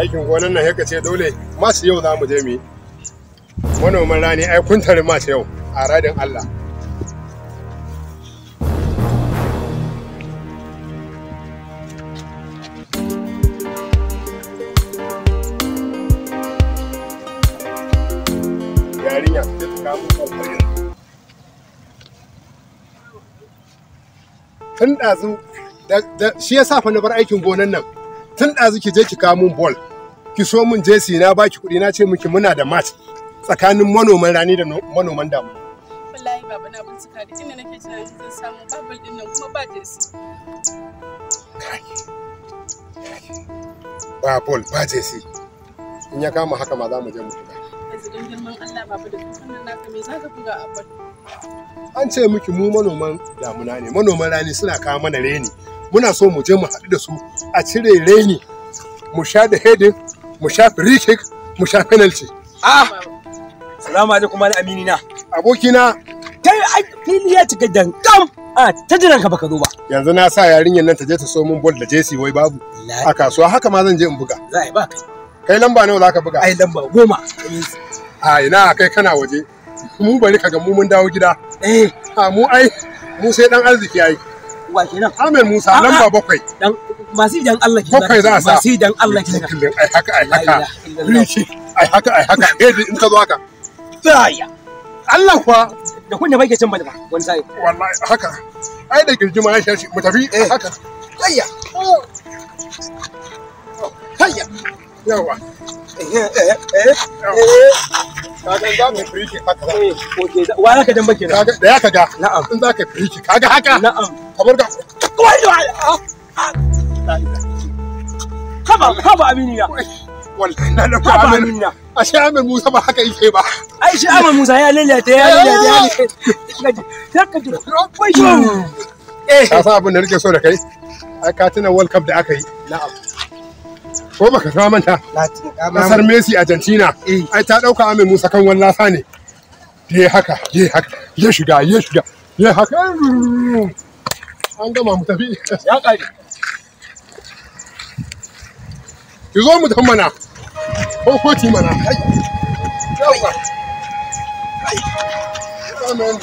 aikin gonan nan haka ce dole masu yau za mu je mu yi manoman rani ai kun tare masu yau a radin Allah da shi ya sa na bar aikin gonan nan tun ɗazu ki je ki kawo mun ball ki so mun jesi na baki kuɗi na ce miki muna da match tsakanin manoman rani da manoman damu. Wallahi baba na bincika da inda nake tunanin zan samu babul din nan kuma ba jesi. Ba bol ba jesi. In ya kama haka ma za mu je mu buga. An ce miki mu manoman damuna ne manoman rani suna kawo mana reni muna so mu je mu haɗu da su a cire raini mu sha da heading mu sha free kick mu sha penalty ah salamu alaikum ali amini na abokina kai ai fili ya cika dankam a ah, ta jiran ka baka zo ba yanzu na sa yarinyar nan ta je ta so mun bol da jesi wai babu a kasuwa haka ma zan je in buga za a ba kai lamba nawa ka buga ai lamba goma a ina kai kana waje mu bari ka ga mu mun dawo gida eh a mu ai mu sai dan arziki ai wa kenan Ahmed Musa ba bakwai dan masu dan Allah kenan bakwai za a sa masu dan Allah kenan ai haka ai haka rishi ai haka ai haka eh in ka zo haka tsaya Allah kuwa da kunne bai ke cin bane ba wani sai wallahi haka ai da girgima ya shashi mu tafi eh haka hayya hayya yawa ka firiki haka abin da nake so da kai ka tuna da aka yi na'am ko baka sa manta kasar Messi Argentina eh. ai ta dauka amin Musa kan wallafa ne ya haka ya haka ya shiga ya shiga ya haka an gama mu tafi ya kare ki zo mu tafi mana ko ko ti mana ai ai